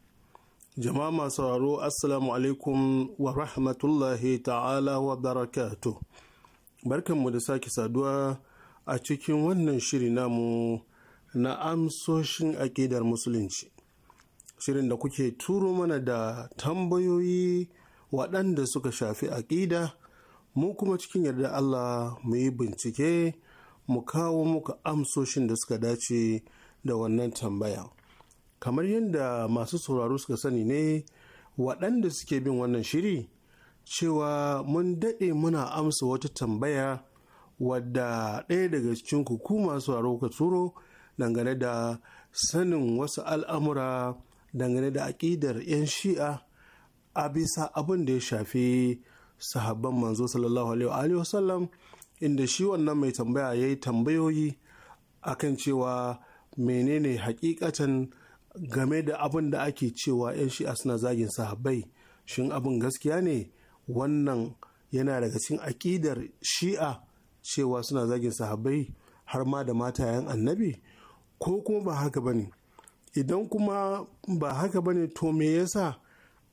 jama'a masu sauraro assalamu alaikum wa rahmatullahi ta'ala wa barakatu barkanmu da sake saduwa a cikin wannan shiri namu na amsoshin aƙidar musulunci shirin da kuke turo mana da tambayoyi waɗanda suka shafi aƙida mu kuma cikin yarda Allah mu yi bincike mu kawo muka amsoshin da suka dace da wannan tambaya kamar yadda masu sauraro suka sani ne waɗanda suke bin wannan shiri cewa mun daɗe muna amsa wata tambaya wadda ɗaya daga cikin ku masu sauraro ka turo dangane da sanin wasu al'amura dangane da aƙidar 'yan shi'a a bisa abin da ya shafi sahabban manzo sallallahu alaihi wasallam inda shi wannan mai tambaya ya yi tambayoyi akan cewa menene hakikatan game da abin da ake cewa 'yan shi'a suna zagin sahabbai shin abin gaskiya ne wannan yana daga cikin aƙidar shi'a cewa suna zagin sahabai har ma da mata yan annabi ko kuma ba haka ba ne idan kuma ba haka ba ne to me yasa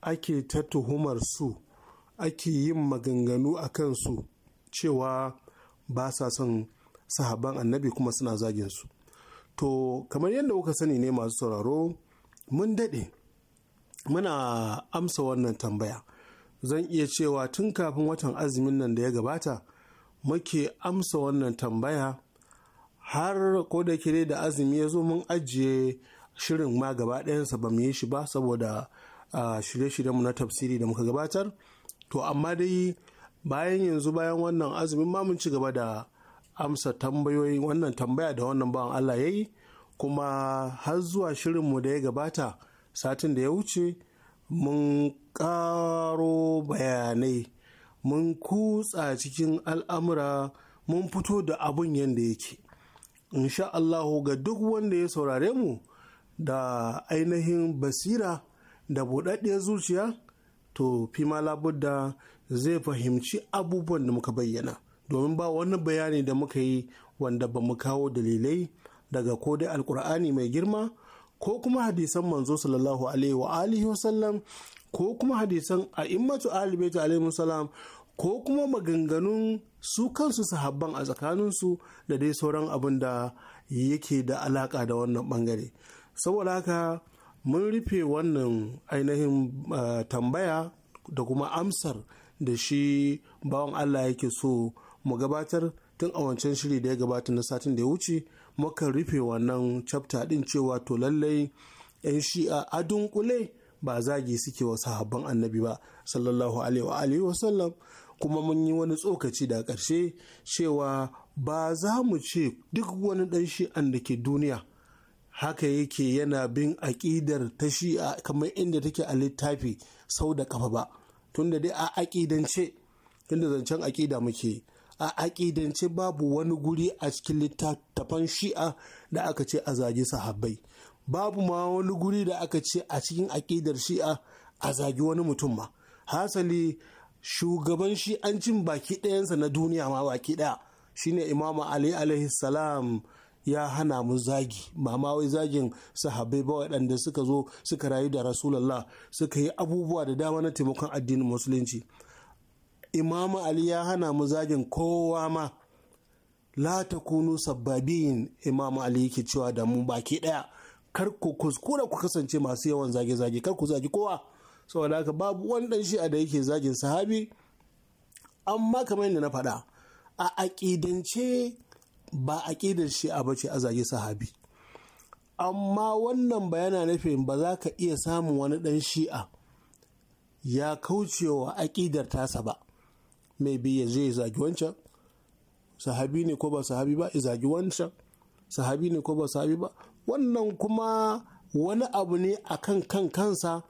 ake ta tuhumar su ake yin maganganu a kansu cewa ba sa son sahaban annabi kuma suna zagin su to kamar yadda kuka sani ne masu sauraro mun daɗe muna amsa wannan tambaya zan iya cewa tun kafin watan azumin nan da ya gabata muke amsa wannan tambaya har ko da kire da azumi ya zo mun ajiye shirin ma gaba ɗayansa ba mu yi shi ba saboda shirye-shiryenmu na tafsiri da muka gabatar to amma dai bayan yanzu bayan wannan azumin ma mun ci gaba da amsa tambayoyi wannan tambaya da wannan bawan Allah ya yi kuma har zuwa shirinmu da ya gabata satin da ya wuce mun ƙaro bayanai mun kutsa cikin al'amura mun fito da abun yadda yake insha Allahu ga duk wanda ya saurare mu da ainihin basira da buɗaɗɗiyar zuciya to fi ma labudda zai fahimci abubuwan da muka bayyana domin ba wani bayani da muka yi wanda ba mu kawo dalilai daga ko dai alkur'ani mai girma ko kuma hadisan manzo sallallahu alaihi wa alihi wasallam ko kuma hadisan a'immatu alibaitu alaihi sallam, ko kuma maganganun su kansu sahabban a tsakaninsu da dai sauran abin da yake da alaka da wannan bangare saboda haka mun rufe wannan ainihin eh, tambaya da kuma amsar da shi bawan allah yake so mu gabatar tun a wancan shiri da ya gabata na satin da ya wuce muka rufe wannan chapter din cewa to lallai 'yan shi'a a dunkule ba zagi suke wa sahabban annabi ba sallallahu alaihi wa sallam kuma mun yi wani tsokaci da ƙarshe cewa ba za mu ce duk wani ɗan shi'an da ke duniya haka yake yana bin aƙidar ta shi'a kamar inda take a littafi sau da kafa ba tunda dai a aƙidance tunda zancen aƙida muke a aƙidance babu wani guri a cikin littattafan shi'a da aka ce a zagi sahabbai babu ma wani guri da aka ce a cikin aƙidar shi'a a zagi wani mutum ma hasali shugaban shi'ancin baki ɗayansa na duniya ma baki ɗaya shine imamu ali alaihi salam ya hana mu zagi ba ma wai zagin sahabbai ba waɗanda suka zo suka rayu da rasulallah suka yi abubuwa da dama na taimakon addinin musulunci imamu ali ya hana mu zagin kowa ma la ta kunu sababin imamu ali yake cewa da mu baki daya kar ku kuskura ku kasance masu yawan zage-zage kar ku zagi kowa saboda haka babu wani dan shi'a da yake zagin sahabi amma kamar yadda na faɗa a aƙidance ba aƙidar shi'a ba bace a zage sahabi amma wannan bayana nufin ba za ka iya samun wani ɗan shi'a ya kaucewa aƙidar tasa ba maybe ya je ya zagi wancan sahabi ne ko ba sahabi ba ya zagi wancan sahabi ne ko ba sahabi ba wannan kuma wani abu ne a kan kan kansa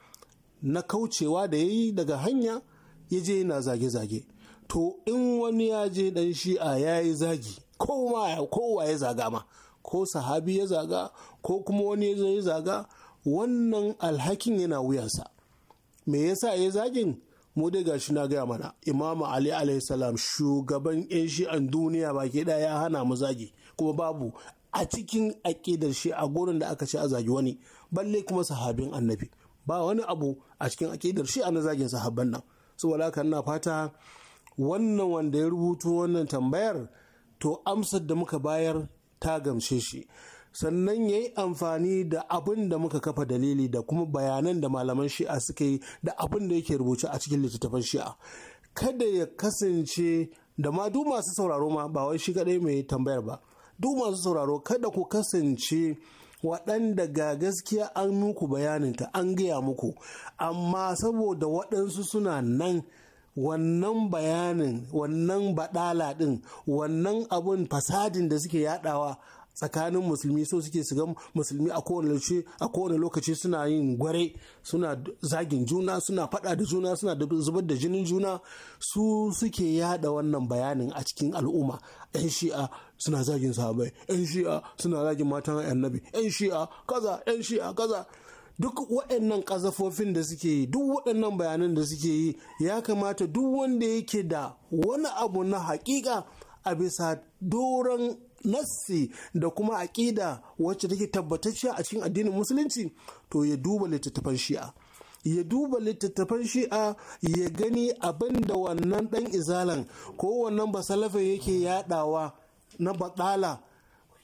na kaucewa da ya yi daga hanya ya je yana zage-zage to in wani ya je dan shi'a ya yi zagi kowa ya zaga ma ko sahabi ya zaga ko kuma wani ya zaga wannan alhakin yana wuyansa me yasa ya zagin mu dai ga shi na gaya mana imamu ali alayhi salam shugaban yan shi'an duniya baki daya ya hana mu zagi kuma babu a cikin aƙidar shi a gurin da aka ce a zagi wani balle kuma sahabin annabi ba wani abu a cikin aƙidar shi a na zagin sahabban nan saboda haka ina fata wannan wanda ya rubuto wannan tambayar to amsar da muka bayar ta gamshe shi sannan ya yi amfani da abin da muka kafa dalili da kuma bayanan da malaman shi'a suka yi da abin da yake rubuce a cikin littattafan shi'a kada ya kasance da ma duk masu sauraro ma ba wai shi kadai mai tambayar ba duk masu sauraro kada ku kasance waɗanda ga gaskiya an muku bayaninta an gaya muku amma saboda waɗansu suna nan wannan bayanin wannan baɗala ɗin wannan abun fasadin da suke yadawa tsakanin musulmi so suke su musulmi a kowane lokaci suna yin gware suna zagin juna suna fada da juna suna zubar da jinin juna su suke yada wannan bayanin a cikin al'umma yan shi'a suna zagin sahabai yan shi'a suna zagin matan annabi yan shi'a kaza yan shi'a kaza duk waɗannan ƙazafofin da suke yi duk waɗannan bayanan da suke yi ya kamata duk wanda yake da wani abu na hakika a bisa doron nassi da kuma aƙida wacce take tabbatacciya a cikin addinin musulunci to ya duba littattafan shi'a ya duba littattafan shi'a ya gani abin da wannan ɗan izalan ko wannan basalafe yake yadawa na baɗala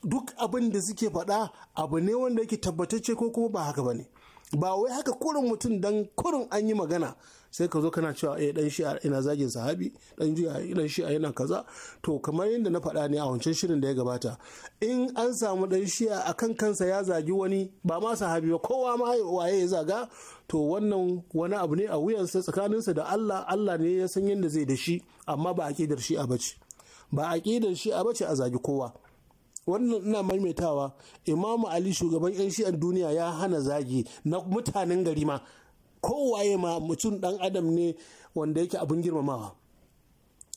duk abin da suke faɗa abu ne wanda yake tabbatacce ko kuma ba haka ba ne ba wai haka kurin mutum don kurin an yi magana sai ka zo kana cewa eh dan shi'a ina zagin sahabi dan dan shi'a yana kaza to kamar yadda na faɗa ne a wancan shirin da ya gabata in an samu dan a kan kansa ya zagi wani ba ma sahabi ba kowa ma waye ya zaga to wannan wani abu ne a wuyansa tsakaninsa da Allah Allah ne ya san yadda zai da shi amma ba aqidar a bace ba aqidar a bace a zagi kowa wannan ina maimaitawa imamu ali shugaban yan shi'an duniya ya hana zagi na mutanen gari ma kowaye ma mutum dan adam ne wanda yake abin girmamawa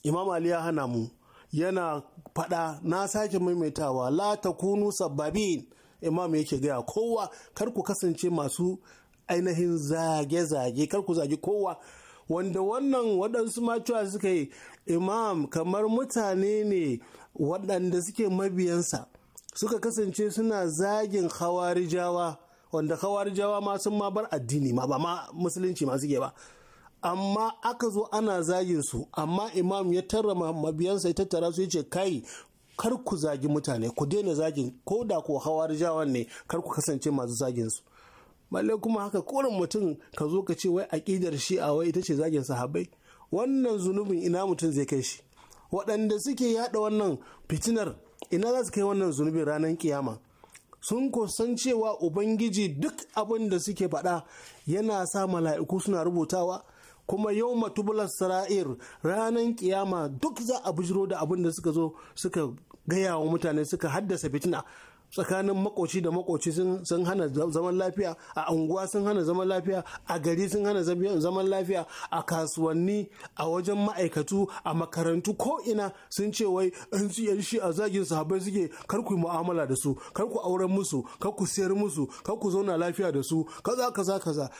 imam ali ya hana mu yana fada na sake maimaitawa la takunu sababin imam yake gaya kowa kar ku kasance masu ainihin zage-zage kar ku zage kowa wanda wannan waɗansu macuwa suka yi imam kamar mutane ne waɗanda suke mabiyansa suka kasance suna zagin hawarijawa wanda jawa ma sun ma bar addini ma ba ma musulunci ma suke ba amma aka zo ana zagin su amma imam ya tara mabiyansa ya tattara su ya ce kai kar ku zagi mutane ku daina zagin ko da ko jawa ne kar ku kasance masu zagin su balle kuma haka koren mutum ka zo ka ce wai aƙidar shi a wai ita ce zagin sahabbai wannan zunubin ina mutum zai kai shi waɗanda suke yada wannan fitinar ina za su kai wannan zunubin ranar kiyama sun kusan cewa ubangiji duk abin da suke faɗa yana sa mala'iku suna rubutawa kuma yau matubular sara'ir ranar kiyama duk za a bujiro da abin da suka zo suka gaya wa mutane suka haddasa fitina tsakanin makoci da makoci sun hana zaman lafiya a unguwa sun hana zaman lafiya a gari sun hana zaman lafiya a kasuwanni a wajen ma'aikatu a makarantu ko ina sun ce wai an ci yan shi a zagin sahabbai suke kar ku mu'amala da su kar ku auren musu karku siyar musu karku zauna lafiya da su kaza kaza kaza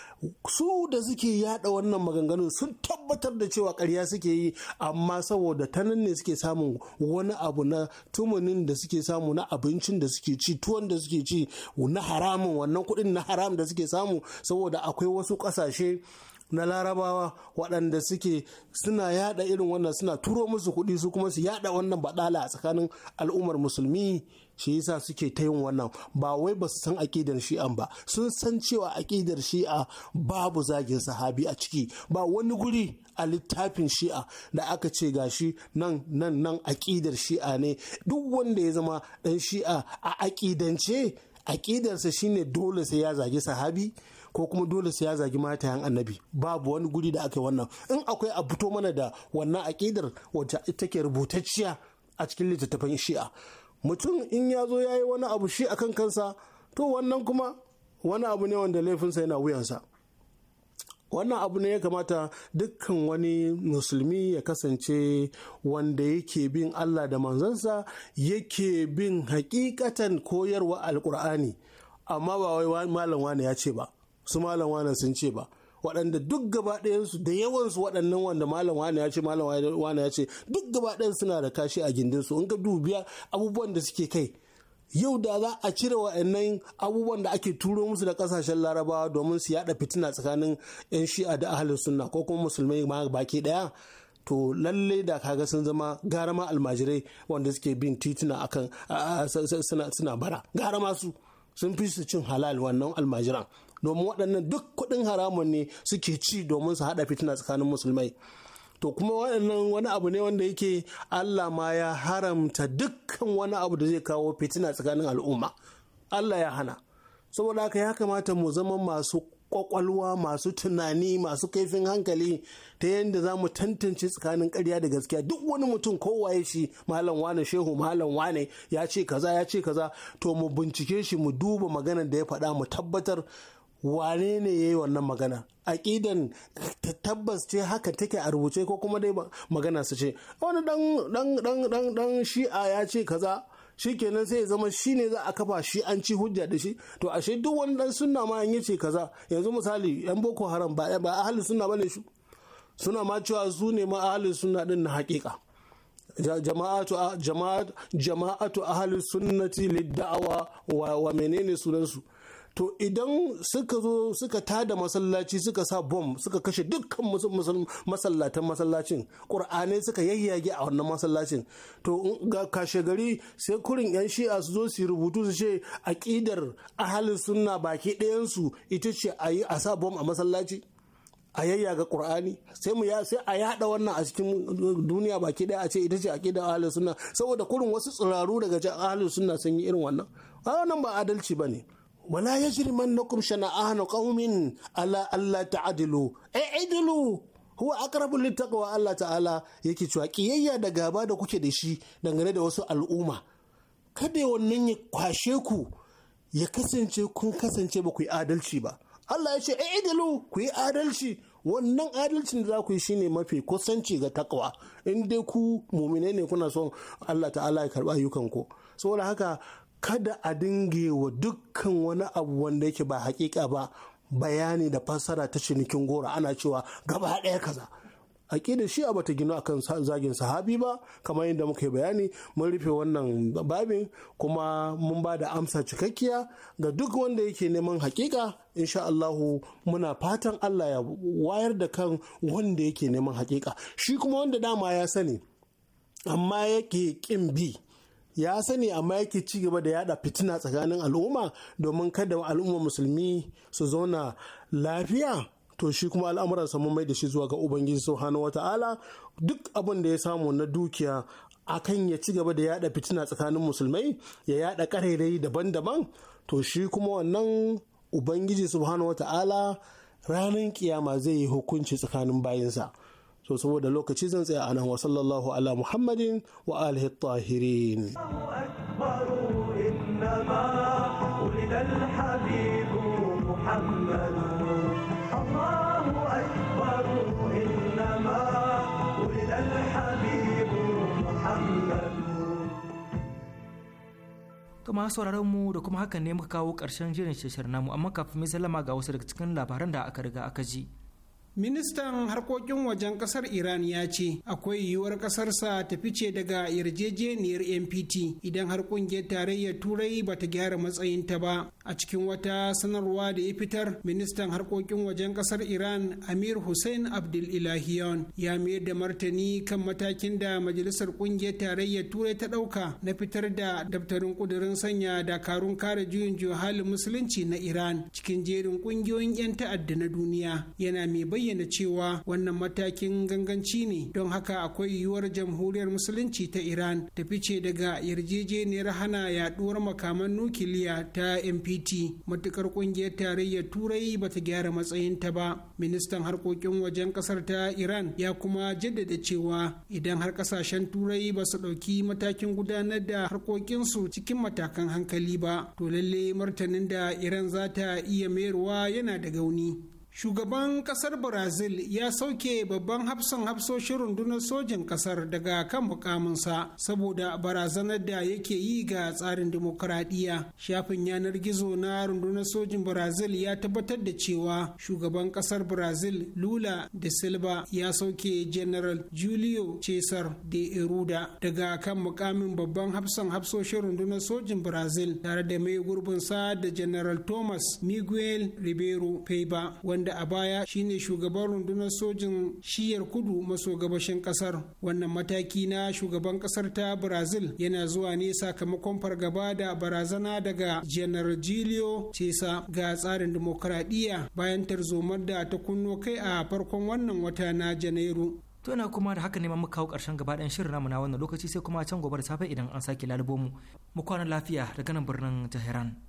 su da suke yada wannan maganganun sun tabbatar da cewa ƙarya suke yi amma saboda tanan ne suke samun wani abu na tumunin da suke samu na abincin da suke ci tuwon da suke ci na haramun wannan kudin na haram da suke samu saboda akwai wasu kasashe na larabawa waɗanda suke suna yada irin wannan suna turo musu kuɗi su kuma su yada wannan baɗala a tsakanin al'ummar musulmi shi yasa suke ta yin wannan ba wai ba su san aƙidar shi'a ba sun san cewa aƙidar shi'a babu zagin sahabi a ciki ba wani guri a littafin shi'a da aka ce gashi nan nan nan aƙidar shi'a ne duk wanda ya zama ɗan shi'a a aƙidance aƙidarsa shine dole sai ya zagi sahabi ko kuma dole sai ya zagi matayan annabi babu wani guri da aka yi wannan in akwai a fito mana da wannan aƙidar wacce take rubutacciya a cikin littattafan shi'a mutum in ya zo ya yi wani abu shi a kan kansa to wannan kuma wani abu ne wanda laifinsa yana wuyansa wannan abu ne ya kamata dukkan wani musulmi ya kasance wanda yake bin allah da manzansa yake bin hakikatan koyarwa alkur'ani amma ba wai malam wane ya ce ba su malam wane sun ce ba waɗanda duk gaba ɗayansu da yawansu waɗannan wanda malam wani ya ce malam wani ya ce duk gaba ɗayan suna da kashi a gindin su in ka dubiya abubuwan da suke kai yau da za a cire wa'annan abubuwan da ake turo musu da kasashen larabawa domin su yada fitina tsakanin 'yan shi'a da ahalin sunna ko kuma musulmai ma baki ɗaya to lalle da kaga sun zama garama almajirai wanda suke bin tituna akan suna bara garama su sun fi su cin halal wannan almajiran domin waɗannan duk kuɗin haramun ne suke ci domin su haɗa fitina tsakanin musulmai to kuma waɗannan wani abu ne wanda yake Allah ma ya haramta dukkan wani abu da zai kawo fitina tsakanin al'umma Allah ya hana saboda haka ya kamata mu zama masu kwakwalwa masu tunani masu kaifin hankali ta yadda za mu tantance tsakanin karya da gaskiya duk wani mutum kowaye shi malam wane shehu malam wane ya ce kaza ya ce kaza to mu bincike shi mu duba maganar da ya faɗa mu tabbatar wane ne ya yi wannan magana aƙidan tabbas ce haka take a rubuce ko kuma dai magana su ce wani dan shi'a ya ce kaza kenan sai ya zama shi ne za a kafa shi an ci hujja da shi to ashe duk wani dan sunna ma an yace kaza yanzu misali yan boko haram ba ba ahli sunna bane su suna ma cewa su ne ma ahli sunna din na hakika jama'atu jama'atu ahli sunnati lid da'awa wa menene sunansu to idan suka zo suka tada masallaci suka sa bom suka kashe dukkan masallatan masallacin ƙur'anai suka yayyage a wannan masallacin to ga kashe gari sai kurin yan shi'a su zo su rubutu su ce aƙidar ahalin sunna baki ɗayansu ita ce a yi a sa bom a masallaci a yayyaga ƙur'ani sai mu sai a yada wannan a cikin duniya baki ɗaya a ce ita ce ƙidar ahalin sunna saboda kurin wasu tsiraru daga ahalin sunna sun yi irin wannan a wannan ba adalci ba ne. wala yajrimannakum shana'anu kawumin, ala alla ta'dilu i'dilu huwa aqrabu littaqwa Allah ta'ala yake cewa kiyayya da gaba da kuke da shi dangane da wasu al'umma kada wannan ya kwashe ku ya kasance kun kasance ba ku yi adalci ba Allah ya ce i'dilu ku yi adalci wannan adalcin da za ku yi shine mafi kusanci ga takwa in dai ku mumine ne kuna son Allah ta'ala ya karba ayyukan ku saboda haka kada a dinge wa dukkan wani abu wanda yake ba hakika ba bayani da fassara ta cinikin gora ana cewa gaba ɗaya kaza aƙida shi a bata gino akan zagin sahabi ba kamar yadda muka yi bayani mun rufe wannan babin kuma mun ba da amsa cikakkiya ga duk wanda yake neman hakika insha Allahu muna fatan Allah ya wayar da kan wanda yake neman hakika shi kuma wanda dama ya sani amma yake kin bi ya sani amma yake ci gaba da yada fitina tsakanin al'umma domin kada al'umma musulmi su zauna lafiya to shi kuma al'amuran samun mai da shi zuwa ga ubangiji subhanahu wata'ala duk abin da ya samu na dukiya akan ya ci gaba da yada fitina tsakanin musulmai ya yada karairai daban-daban to shi kuma wannan ubangiji subhanahu wata'ala ranar kiyama zai yi hukunci tsakanin bayinsa to saboda lokaci zan tsaya nan wa sallallahu ala muhammadin wa alihi tahirin kuma sauraron mu da kuma hakan ne muka kawo ƙarshen jirin shirin namu amma kafin mai sallama ga wasu daga cikin labaran da aka riga aka ji. ministan harkokin wajen kasar iran ya ce akwai yiwuwar kasarsa ta fice daga yarjejeniyar npt idan har kungiyar tarayyar turai ba ta gyara matsayinta ba a cikin wata sanarwa da ya fitar ministan harkokin wajen kasar iran amir hussein abdul ilahiyon ya mayar da martani kan matakin da majalisar kungiyar tarayyar turai ta dauka na fitar da daftarin kudurin sanya dakarun kare juyin juhalin musulunci na iran cikin jerin kungiyoyin 'yan ta'adda na duniya yana mai bayyana cewa wannan matakin ganganci ne don haka akwai yiwuwar jamhuriyar musulunci ta iran ta fice daga yarjejeniyar hana yaduwar makaman nukiliya ta mp haiti matukar kungiyar tarayyar turai ba ta gyara matsayin ta ba ministan harkokin wajen kasar ta iran ya kuma jaddada cewa idan har kasashen turai ba su ɗauki matakin gudanar da harkokinsu cikin matakan hankali ba to lalle martanin da iran za ta iya mayarwa yana da gauni shugaban kasar brazil ya sauke babban hafsan hafsoshin rundunar sojin kasar daga kan mukaminsa saboda barazanar da yake yi ga tsarin demokuraɗiyya shafin yanar gizo na rundunar sojin brazil ya tabbatar da cewa shugaban kasar brazil lula da silva ya sauke general julio cesar de eruda daga kan mukamin babban hafsan hafsoshin rundunar sojin brazil tare da mai gurbinsa da general thomas miguel ribeiro peiba wanda da a baya shine shugaban rundunar sojin shiyar kudu maso gabashin kasar wannan mataki na shugaban kasar ta brazil yana zuwa ne sakamakon fargaba da barazana daga janar julio cesa ga tsarin dimokuraɗiyya bayan tarzomar da ta kunno kai a farkon wannan wata na janairu to na kuma da haka ne muka kawo karshen gaba ɗayan shirin namu na wannan lokaci sai kuma can gobe da safe idan an sake lalubo mu mu kwana lafiya daga nan birnin tehran